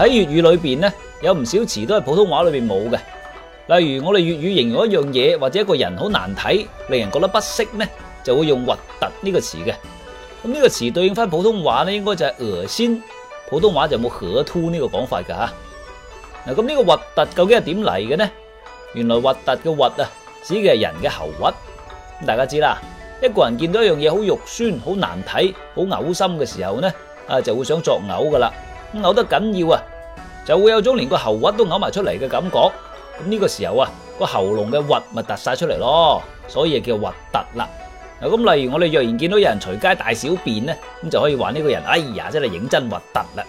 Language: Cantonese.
喺粵語裏邊咧，有唔少詞都係普通話裏邊冇嘅。例如我哋粵語形容一樣嘢或者一個人好難睇，令人覺得不適呢就會用核突呢個詞嘅。咁呢個詞對應翻普通話呢應該就係惡心。普通話就冇核突呢個講法嘅吓。嗱，咁呢個核突究竟係點嚟嘅呢？原來核突嘅核啊，指嘅係人嘅喉核。大家知啦，一個人見到一樣嘢好肉酸、好難睇、好嘔心嘅時候呢，啊就會想作嘔噶啦。咁嘔得緊要啊！就會有種連個喉核都嘔埋出嚟嘅感覺，咁呢個時候啊，個喉嚨嘅核咪突晒出嚟咯，所以啊叫核突啦。嗱，咁例如我哋若然見到有人隨街大小便咧，咁就可以話呢個人，哎呀，真係認真核突啦。